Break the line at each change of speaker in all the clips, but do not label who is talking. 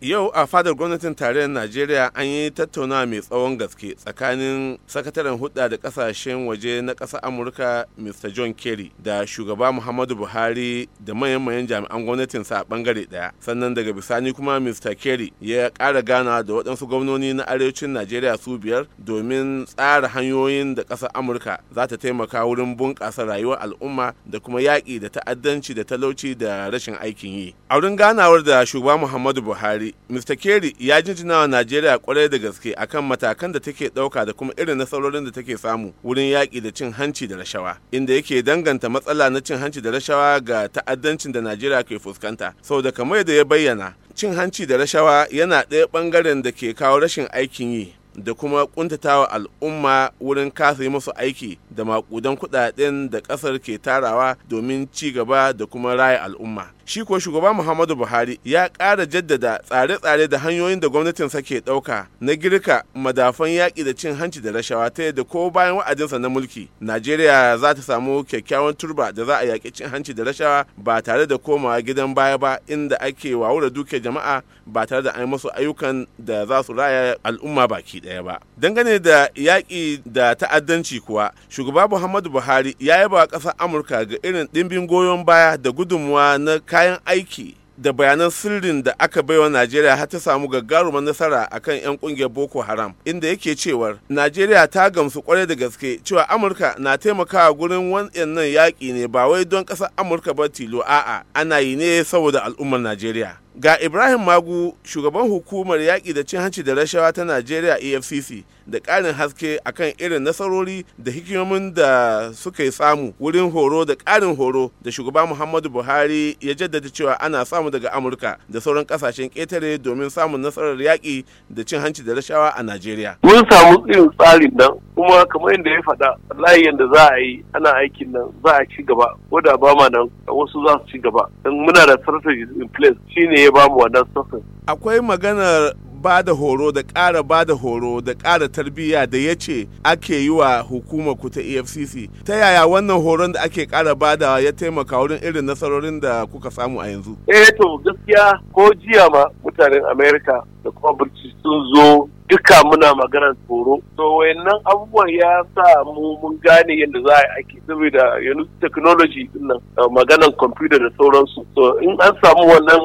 yau a fadar gwamnatin tarayyar najeriya an yi tattauna mai tsawon gaske tsakanin sakataren hudda da kasashen waje na ƙasa amurka mr john kerry da shugaba muhammadu buhari da manyan mayan jami'an gwamnatinsa a bangare daya sannan daga bisani kuma mr kerry ya kara gana da waɗansu gwamnoni na arewacin najeriya su biyar domin tsara hanyoyin da ƙasar amurka za ta taimaka wurin bunƙasa rayuwar al'umma da kuma yaƙi da ta'addanci da talauci da rashin aikin yi a wurin ganawar da shugaba muhammadu buhari Buhari, Mr. Kerry ya jinjina wa Najeriya kwarai da gaske akan matakan da take ɗauka da kuma irin nasarorin da take samu wurin yaƙi da cin hanci da rashawa, inda yake danganta matsala na cin hanci da rashawa ga ta'addancin da Najeriya ke fuskanta. Sau da kamar da ya bayyana, cin hanci da rashawa yana ɗaya ɓangaren da ke kawo rashin aikin yi da kuma kuntatawa al'umma wurin kasa yi musu aiki da maƙudan kuɗaɗen da ƙasar ke tarawa domin ci gaba da kuma raya al'umma shi kuwa shugaba muhammadu buhari ya kara jaddada tsare-tsare da hanyoyin da gwamnatinsa ke ɗauka na girka madafan yaƙi da cin hanci da rashawa ta yadda ko bayan wa'adinsa na mulki najeriya za ta samu kyakkyawan turba da za a yaƙi cin hanci da rashawa ba tare da komawa gidan baya ba inda ake wawura duke jama'a ba tare da an musu ayyukan da za su raya al'umma baki ɗaya ba dangane da yaƙi da ta'addanci kuwa shugaba muhammadu buhari ya yaba ƙasar amurka ga irin ɗimbin goyon baya da gudunmuwa na kayan aiki da bayanan sirrin da aka baiwa najeriya har ta samu gagarumar nasara a kan 'yan kungiyar boko haram inda yake cewar najeriya ta gamsu kwarai da gaske cewa amurka na taimakawa gurin wannan yaƙi ne ba wai don ƙasar amurka ba tilo a'a ana yi ne saboda al'ummar najeriya ga ibrahim magu shugaban hukumar yaƙi da cin hanci da rashawa ta najeriya efcc da ƙarin haske akan irin nasarori da hikimomin da suka yi samu wurin horo da ƙarin horo da shugaba muhammadu buhari ya jaddada cewa ana samu daga amurka da sauran ƙasashen ƙetare domin samun nasarar yaƙi da cin hanci da rashawa a najeriya
mun samu
irin tsarin nan kuma kamar yadda ya faɗa layi yadda za a yi ana aikin nan za a ci gaba ko da ba
ma nan wasu za su ci gaba don muna da strategies in place shine ya ba bamu wannan sassan
akwai maganar ba da horo da ƙara ba da horo da ƙara tarbiyya da ya ce ake yi wa hukumar ku ta efcc ta yaya wannan horon da ake ƙara ba da ya taimaka wurin irin nasarorin da kuka samu a yanzu
eh to gaskiya ko jiya ma mutanen america da kuma sun zo duka muna maganar tsoro to wayannan abubuwan ya sa mu mun gane yadda za a ake saboda yanzu technology din nan maganar computer da sauransu so in an samu wannan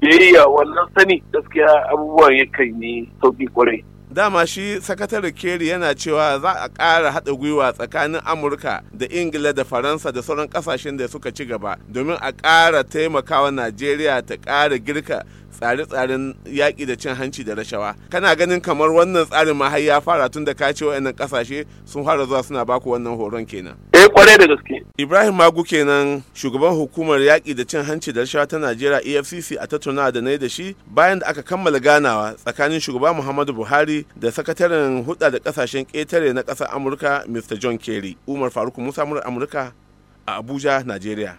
biyayya wannan sani gaskiya abubuwan kai ne sauki kwarai
dama shi sakatare kerry yana cewa za a ƙara haɗa gwiwa tsakanin amurka da ingila da faransa da sauran kasashen da suka ci gaba domin a ƙara taimakawa najeriya ta ƙara girka tsare-tsaren yaƙi da cin hanci da rashawa kana ganin kamar wannan tsarin ma har ya fara tun da kace wa'annan kasashe sun fara zuwa suna baku wannan horon kenan eh kwarai da gaske Ibrahim Magu kenan shugaban hukumar yaƙi da cin hanci da rashawa ta Najeriya EFCC a tattauna da na da shi bayan da aka kammala ganawa tsakanin shugaba Muhammadu Buhari da sakataren hudda da kasashen ƙetare na ƙasar Amurka Mr John Kerry Umar Faruk Musa Amurka a Abuja Najeriya